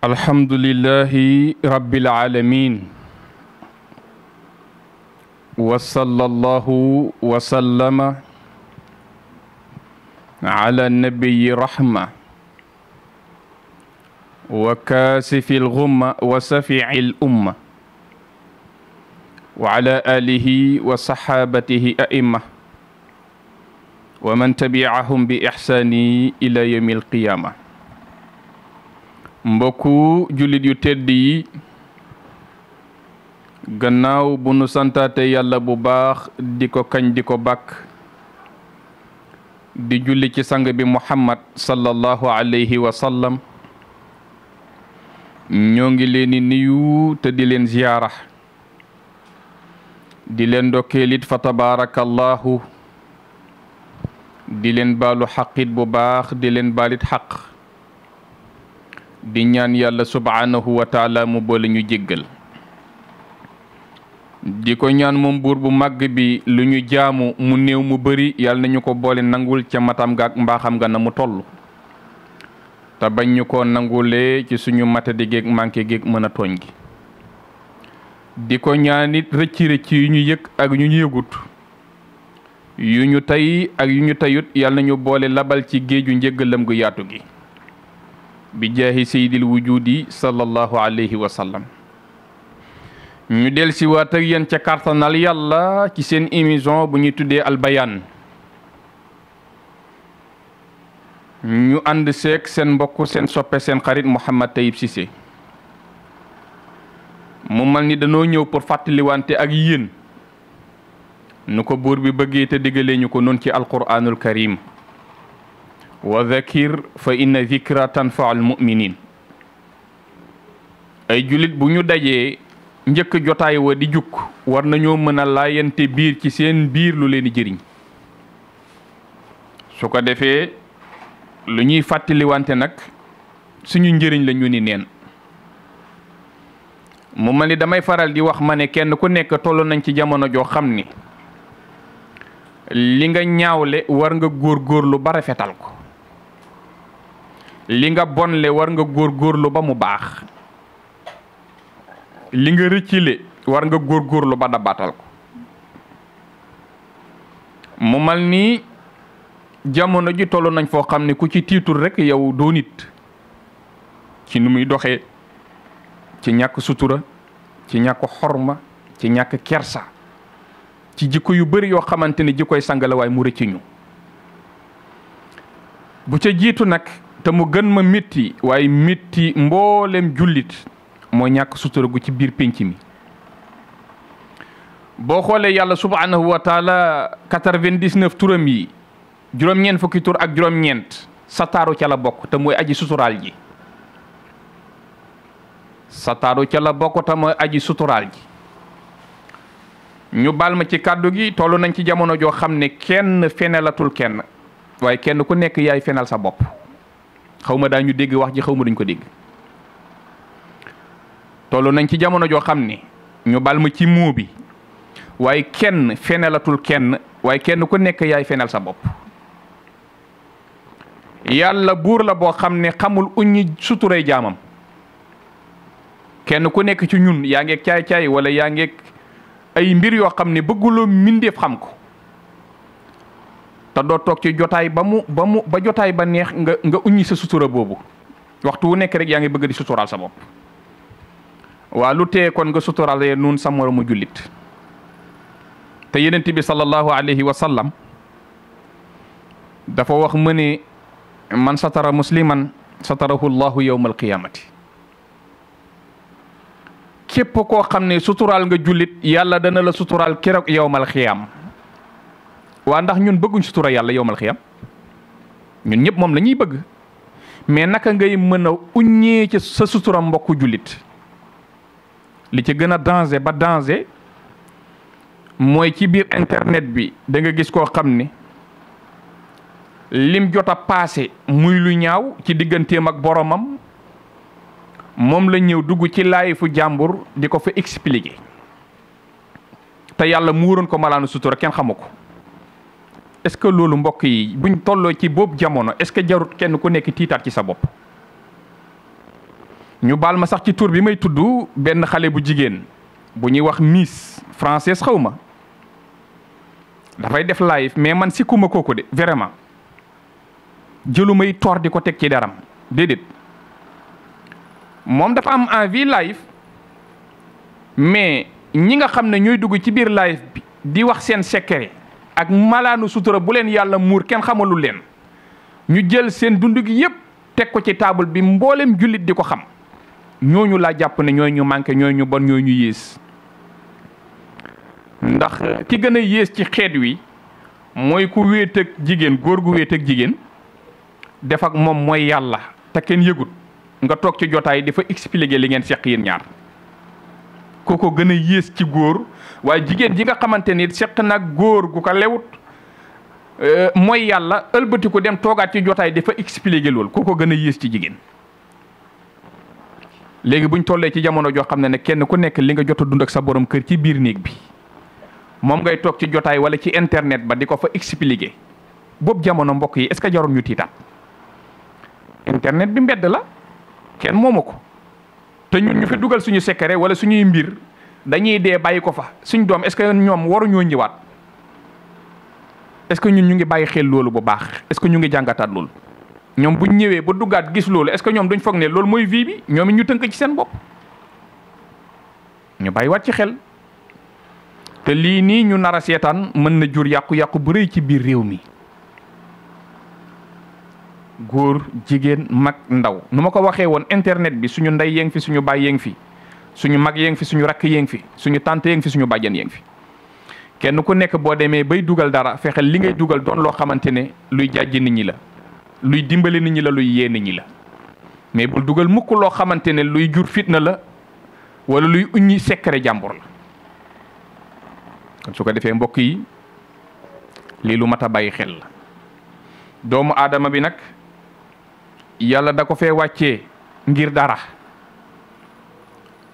alhamdulilahi rabbil aalamiin wa sallallahu wa sallama ala nabiyi rahma wa kaasifi lxumma wa safici lumma wa ala aalihi wa saxaabatihi aimma wa man tabi'ahum bi ixsaani ila yawmi alqiyaama mbokku jullit yu tedd yi gannaaw bu nu santaate yàlla bu baax di ko kañ di ko bàkk di julli ci sang bi muhammad sallallahu alayhi wa sallam ñoo ngi leen di nuyu te di leen ziyaara di leen ndokkeelit fa tabaarakallahu di leen baalu xaqit bu baax di leen baalit xaq di ñaan yàlla subhaanahu wa taala mu boole ñu jéggal di ko ñaan moom buur bu màgg bi lu ñu jaamu mu néew mu bari yàlla nañu ko boole nangul ca matam ga ak mbaaxam ga na mu toll te bañ ñu ko nangulee ci suñu matadi géeg manqué géeg mën a tooñ gi di ko ñaan it rëcci yu ñu yëg ak ñu ñu yëgut yu ñu tey ak yu ñu teyut yàlla nañu boole labal ci géeju njéggalam gu yaatu gi bi jaahi sayyidil wujudi sallallahu alayhi wa ñu del si waat ak yéen ca kartanal yàlla ci seen émission bu ñuy tuddee albayaan ñu ànd seek seen mbokk seen soppe seen xarit Mouhamed Tayib Cissé mu mal ni dañoo ñëw pour fàttaliwante ak yéen nu ko buur bi bëggee te diggalee ñu ko noon ci alquranul karim wa zakir fa inna zikra tanfaa al ay jullit bu ñu dajee njëkk jotaay wa di jukk war nañoo mën a laayante biir ci seen biir lu leen di jëriñ su ko defee lu ñuy fàttaliwante nag suñu njëriñ lañu ni neen mu ma ni damay faral di wax ma ne kenn ku nekk toll nañ ci jamono joo xam ni li nga ñaawle war nga góor góorgóorlu ba rafetal ko li nga bonle war nga góor góorlu ba mu baax li nga rëccile war nga góor góorgóorlu ba dabaatal ko mu mal nii jamono ji toll nañ foo xam ne ku ci tiitul rekk yow doonit ci nu muy doxee ci ñàkk sutura ci ñàkk xorma ci ñàkk kersa ci jikko yu bari yoo xamante ni jikkoy sangala waaye mu rëcc ñu bu ca jiitu nag te mu gën ma métti waaye mitti mboolem jullit moo ñàkk sutura ci biir pénc mi boo xoolee yàlla subhanahu wa taala quatre vingt turam yi juróom-ñeent fukki tur ak juróom-ñeent sataaru ca la bokk te mooy aji suturaal ji sataaru ca la bokk te mooy aji suturaal ji ñu baal ma ci kàddu gi toll nañ ci jamono joo xam ne kenn fenelatul kenn waaye kenn ku nekk yaay fenal sa bopp xaw ma daañu dégg wax ji xaw ma duñ ko dégg toll nañ ci jamono joo xam ne ñu bal ma ci moo bi waaye kenn fenelatul kenn waaye kenn ku nekk yaay fenel sa bopp yàlla buur la boo xam ne xamul uññi suturay jaamam kenn ku nekk ci ñun yaa ngeeg caay-caay wala yaa ngeeg ay mbir yoo xam ne bëgguloo mbindeef xam ko te doo toog ci jotaay ba mu ba mu ba jotaay ba neex nga nga uññi sa sutura boobu waxtu wu nekk rek yaa ngi bëgg di suturaal sa bopp waa lu tee kon nga suturaale nun sa moromu jullit te yenent bi sallallahu alayhi wa sallam dafa wax mu ne man satara musliman satarahu llahu yawmal qiyamati képp koo xam ne suturaal nga jullit yàlla dana la suturaal keroog yawmal qiyam waa ndax ñun bëgguñ sutura yàlla yowmal xiyam ñun ñëpp moom la ñuy bëgg mais naka ngay mën a uññee ci sa sutura mbokku jullit li ci gën a danger ba danger mooy ci biir internet bi danga gis koo xam ne lim jot a paase muy lu ñaaw ci digganteem ak boromam moom la ñëw dugg ci laay fu jàmbur di ko fa expliquer te yàlla mu muuroon ko malaanu sutura kenn xamu ko. est-ce que loolu mbokk yi buñ tolloo ci boobu jamono est-ce que jarut kenn ku nekk tiitaat ci sa bopp ñu baal ma sax ci tur bi may tudd benn xale bu jigéen bu ñuy wax Miss français xaw ma dafay def live mais man sikkuma kuma kooku de vraiment jëlu may tor di ko teg ci daram déedéet moom dafa am envie live mais ñi nga xam ne ñooy dugg ci biir live bi di wax seen secret ak malaanu sutura bu leen yàlla muur kenn xamalu leen ñu jël seen dund gi yépp teg ko ci taabal bi mboolem jullit di ko xam ñooñu laa jàpp ne ñooy ñu manqué ñooy ñu bon ñooy ñu yées ndax ki gën a yées ci xeet wi mooy ku wéet jigéen góor gu wéet jigéen def ak moom mooy yàlla te kenn yëgut nga toog ci jotaay dafa expliquer li ngeen seq yéen ñaar ko ko gën a yées ci góor waaye jigéen ji nga xamante ni seq nag góor gu ko lewut euh, mooy yàlla ëlbatiku dem toogaat ci jotaay dafa expliquer loolu ko ko gën a yées ci jigéen léegi buñ tollee ci jamono joo xam ne ne kenn ku nekk li nga jot dund ak sa boroom kër ci biir néeg bi moom ngay toog ci jotaay wala ci internet ba di ko fa expliquer boobu jamono mbokk yi est-ce que jaroon ñu tiitaat internet bi mbedd la kenn moomu ko te ñun ñu fi dugal suñu secret wala suñuy mbir dañuy dee bàyyi ko fa suñ doom est-ce que ñoom waruñoo ñëwaat est-ce ñun ñu ngi bàyyi xel loolu bu baax est que ñu ngi jàngataat lool ñoom bu ñëwee ba dugaat gis loolu est que ñoom dañ foog ne loolu mooy vie bi ñoom it ñu tënk ci seen bopp ñu bàyyiwaat ci xel te lii nii ñu nara seetaan mën na jur yàqu-yàqu bu rëy ci biir réew mi. góor jigéen mag ndaw nu ma ko waxee woon internet bi suñu ndey yéeng fi suñu baay yéeng fi suñu mag yéeng fi suñu rakk yéeng fi suñu tante yéeng fi suñu bàjjen yéeng fi kenn ku nekk boo demee bay dugal dara fexeel li ngay dugal doon loo xamante ne luy jàjji nit ñi la luy dimbali ni ñi la luy yee ni ñi la mais bul dugal mukk loo xamante ne luy jur fitna la wala luy uññi secret jàmbur la kon su ko defee mbokk yi lii lu mat a bàyyi xel la doomu aadama bi nag yàlla da ko fee wàccee ngir dara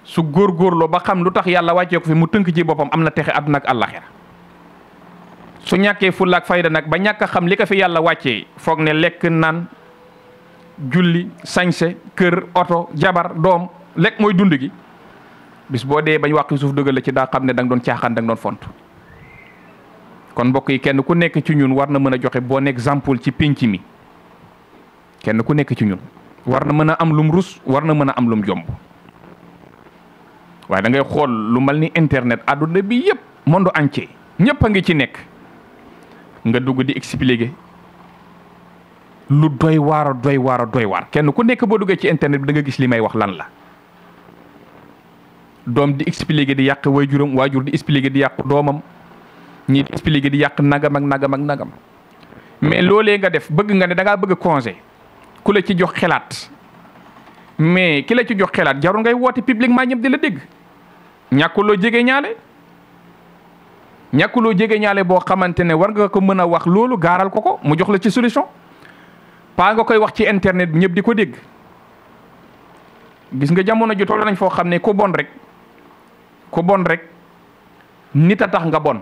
su góor góorgóorloo ba xam lu tax yàlla wàccee ko fi mu tënk ci boppam am na texe àdduna ak àllaxira su ñàkkee fulla ak fayda nag ba ñàkk a xam li ko fi yàlla wàccee foog ne lekk naan julli sañse kër oto jabar doom lekk mooy dund gi bis boo dee bañ wàqi suuf dëggal la ci daa xam ne da nga doon caaxaan da nga doon font kon mbokk yi kenn ku nekk ci ñun war na mën a joxe bon exemple ci pénc mi kenn ku nekk ci ñun war na mën a am lum rus war na mën a am lum jomb waaye da ngay xool lu mel ni internet àdduna bi yëpp monde entier ñëpp a ngi ci nekk nga dugg di expliquer lu doy waar doy waar doy waar kenn ku nekk boo duggee ci internet bi da nga gis li may wax lan la doom di expliquer di yàq waajuram waajur di expliquer di yàq doomam ñii di di yàq nagam ak nagam ak nagam mais loolee nga def bëgg nga de da ngaa bëgg congé ku la ci jox xelaat mais ki la ci jox xelaat jarul ngay woote publiquement ñëpp di la dégg ñàkkuloo jege ñaale ñàkkuloo jege ñaale boo xamante ne war nga ko mën a wax loolu gaaral ko ko mu jox la ci solution paa nga koy wax ci internet bi ñëpp di ko dégg gis nga jamono ji toll nañ foo xam ne ku bon rek ku bon rek nit a tax nga bon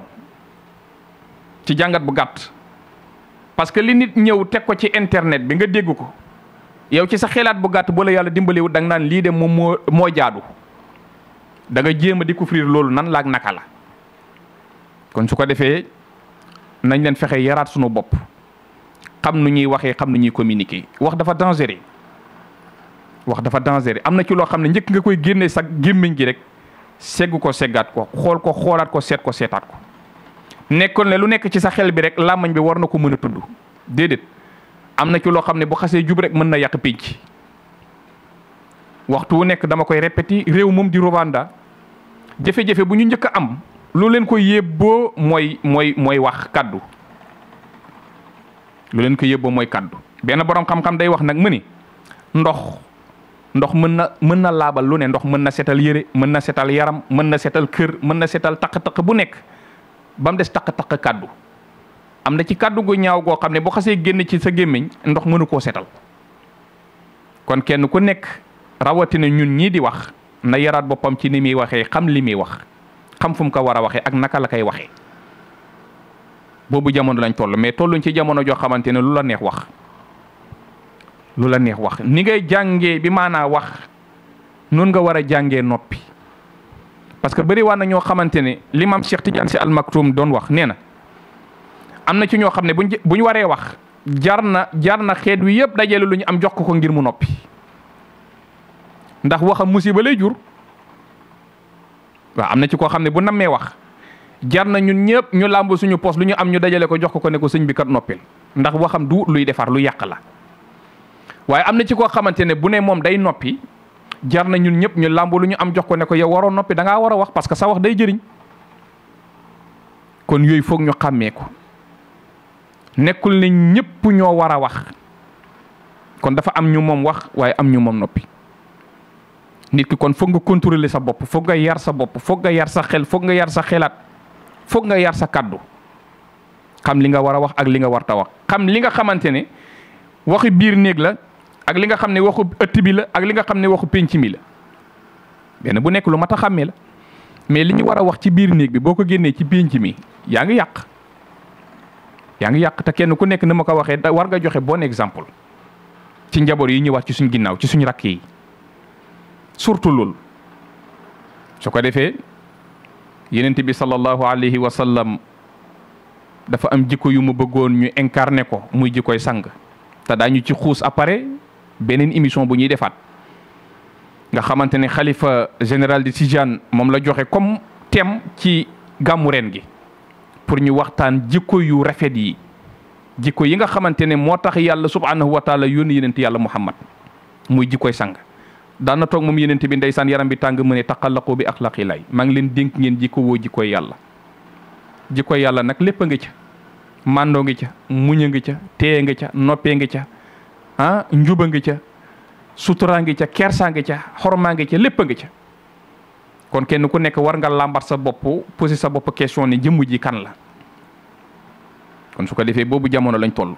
ci jàngat bu gàtt parce que li nit ñëw teg ko ci internet bi nga dégg ko yow ci sa xelaat bu gàtt boo la yàlla dimbaliwut da naan lii de moom moo moo jaadu da nga jéem a découvrir loolu nan laak naka la kon su ko defee nañ leen fexe yaraat sunu bopp xam nu ñuy waxee xam nu ñuy communiquer wax dafa dangereux wax dafa dangereux am na ci loo xam ne njëkk nga koy génnee sag gémmiñ gi rek segg ko seggaat ko xool ko xoolaat ko seet ko seetaat ko nekkoon ne lu nekk ci sa xel bi rek làmmañ bi war na ko mën a tudd déedéet am na ci loo xam ne bu xasee jub rek mën na yàq pénc waxtu wu nekk dama koy répété réew moom di Rwanda jafe-jafe bu ñu njëkk a am lu leen koy yébboo mooy mooy mooy wax kaddu lu leen koy yébboo mooy kaddu benn boroom xam-xam day wax nag mu ni ndox ndox mën na mën na laabal lu ne ndox mën na setal yére mën na setal yaram mën na setal kër mën na setal taq-taq bu nekk ba mu des taq-taq kaddu. am na ci kàddu gu ñaaw goo xam ne boo xasee génn ci sa gémmiñ ndox mënu koo setal kon kenn ku nekk rawatina ñun ñii di wax na yaraat boppam ci ni muy waxee xam li muy wax xam fu mu ko war a waxee ak naka la koy waxee boobu jamono lañ toll mais tolluñ ci jamono joo xamante ne lu la neex wax lu la neex wax ni ngay jànge bi maanaa wax noonu nga war a jàngee noppi parce que bëri waa na ñoo xamante ne li maam Cheikh Tidiane si Al Maktoum doon wax nee na. am na ci ñoo xam ne buñ buñ waree wax jar na jar na xeet wi yëpp dajale lu ñu am jox ko ko ngir mu noppi ndax waxam musiba lay jur waaw am na ci koo xam ne bu nammee wax jar na ñun ñëpp ñu làmb suñu poos lu ñu am ñu dajale ko jox ko ko ne ko sëñ bi kat noppil ndax waxam du luy defar lu yàq la waaye am na ci koo xamante ne bu ne moom day noppi jar na ñun ñëpp ñu làmb lu ñu am jox ko ne ko yow waroo noppi danga ngaa war a wax parce que sa wax day jëriñ kon yooyu foog ñu xàmmee ko nekkul ne ñëpp ñoo war a wax kon dafa am ñu moom wax waaye am ñu moom noppi nit ki kon foog nga contrôler sa bopp foog nga yar sa bopp foog nga yar sa xel foog nga yar sa xelaat foog nga yar sa kàddu xam li nga war a wax ak li nga war ta wax xam li nga xamante ne waxi biir néeg la ak li nga xam ne waxu ëtt bi la ak li nga xam ne waxu pénc mi la benn bu nekk lu mat a xàmmee la mais li ñu war a wax ci biir néeg bi boo ko génnee ci pénc mi yaa ngi yàq. yaa ngi yàq te kenn ku nekk na ma ko waxee war nga joxe bon exemple ci njaboot yi ñuy wax ci suñ ginnaaw ci suñ rakk yi surtout loolu su ko defee yenent bi sallallahu alayhi wa sallam dafa am jikko yu mu bëggoon ñu incarné ko muy jikkoy sang te daañu ci xuus après beneen émission bu ñuy defaat nga xamante ne xalifa général de Tijane moom la joxe comme thème ci gàmmu ren gi pour ñu waxtaan jikko yu rafet yi jikko yi nga xamante ne moo tax yàlla subhanahu wa taala yónni yenent yàlla muhammad muy jikkoy sang daan na toog moom yenent bi ndeysaan yaram bi tàng mu ne taqallaqu bi axlaqi lay maa ngi leen dénk ngeen jikko woo jikkoy yàlla jikkoy yàlla nag lépp a ngi ca màndoo ngi ca muñ a ngi ca téye nga ca noppee ngi ca ah njuba ngi ca suturaa ngi ca kersaa ngi ca xormaa ngi ca lépp a ngi ca kon kenn ku nekk war nga làmbar sa bopp posé sa bopp question ni jëmm ji kan la kon su ko defee boobu jamono lañ toll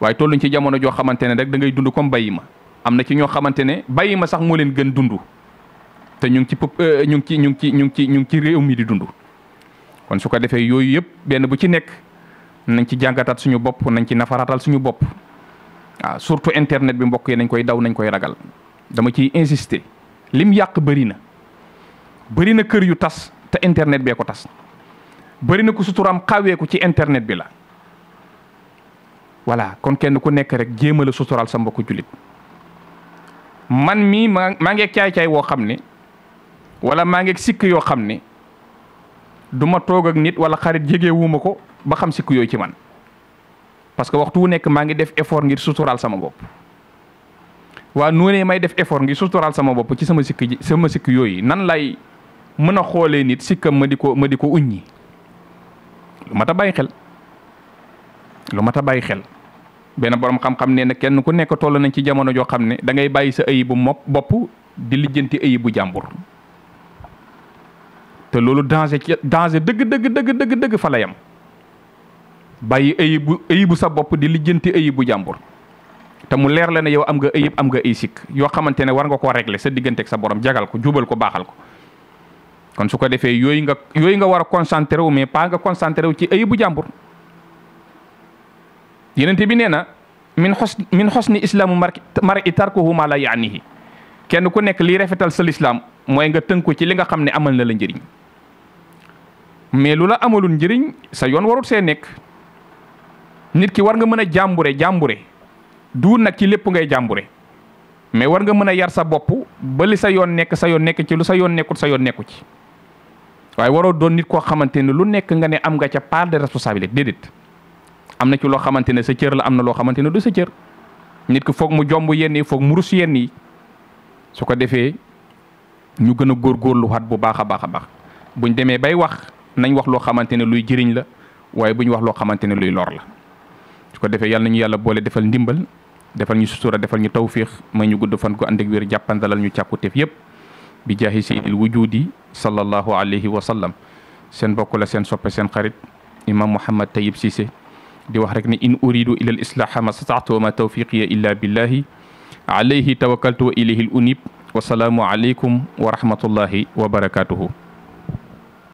waaye tolluñ ci jamono joo xamante ne rek da ngay dund comme bàyyi ma am na ci ñoo xamante ne bàyyi ma sax moo leen gën dund te ñu ngi ci pëp euh, ñu ngi ci ñu ngi ci ñu ngi ci ñu ngi ci réew mi di dund kon su ko defee yooyu yëpp benn bu ci nekk nañ ci jàngataat suñu bopp nañ ci nafaraatal suñu bopp waaw ah, surtout internet bi mbokk yi nañ koy daw nañ koy ragal dama ciy insister lim yàq bëri na. bëri na kër yu tas te internet bee ko tas bëri na ku suturaam xaweeku ci internet bi la voilà kon kenn ku nekk rek jéem a la suturaal sa mbokku man mii maa maa ngeeg caay-caay woo xam ne wala maa ngeeg sikk yoo xam ne du toog ak nit wala xarit jege ko ba xam sikk yooyu ci man parce que waxtu wu nekk maa ngi def effort ngir suturaal sama bopp waa noonee may def effort ngir suturaal sama bopp ci sama sikk sama sikk yooyu nan lay mën a xoolee nit sikkam ma di ko ma di ko uññi lu mat a bàyyi xel lu mat a bàyyi xel benn borom xam-xam nee na kenn ku nekk toll nañ ci jamono joo xam ne da ngay bàyyi sa ayibu mopp bopp di lijjanti ayibu jàmbur te loolu danger ci danger dëgg dëgg dëgg dëgg dëgg fa la yam bàyyi sa bopp di lijjanti ayibu jàmbur te mu leer la ne yow am nga ayib am nga ay sikk yoo xamante ne war nga koo régler sa digganteek sa borom jagal ko jubal ko baaxal ko kon su ko defee yooyu nga yooyu nga war a concentré wu mais pas nga concentré wu ci ayibu jàmbur yenente bi nee na min xos min xos xosni islaamu mar i tarkuhu ma la yaanihi kenn ku nekk lii rafetal sa lislaam mooy nga ko ci li nga xam ne amal na la njëriñ mais lu la amalul njëriñ sa yoon warut see nekk nit ki war nga mën a jàmbure jàmbure du nag ci lépp ngay jàmbure mais war nga mën a yar sa bopp ba sa yoon nekk sa yoon nekk ci lu sa yoon nekkul sa yoon nekku ci waaye waroo doon nit koo xamante ne lu nekk nga ne am nga ca part de responsabilité déedéet am na ci loo xamante ne sa cër la am na loo xamante ne du sa cër nit ki foog mu jomb yenn yi foog mu rus yenn yi su ko defee ñu gën a góorgóorlu xat bu baax a baax a baax buñ demee bay wax nañ wax loo xamante ne luy jëriñ la waaye buñ wax loo xamante ne luy lor la su ko defee yàlla ñu yàlla boole defal ndimbal defal ñu sutura defal ñu tawfiix may ñu gudd fan ko ànd ak jàppandalal ñu càkkuteef yépp bi jaahi sayyidil wujudi sallallahu alayhi wa sallam seen bokk la seen soppe seen xarit imam Mouhamed Tayyib Cissé di wax rek ni in uridu ila al islaha ma stataatu wa ma tawfiqiya illa billahi alayhi tawakkaltu wa ilayhi al unib wa salaamu alaykum wa rahmatullahi wa barakatuhu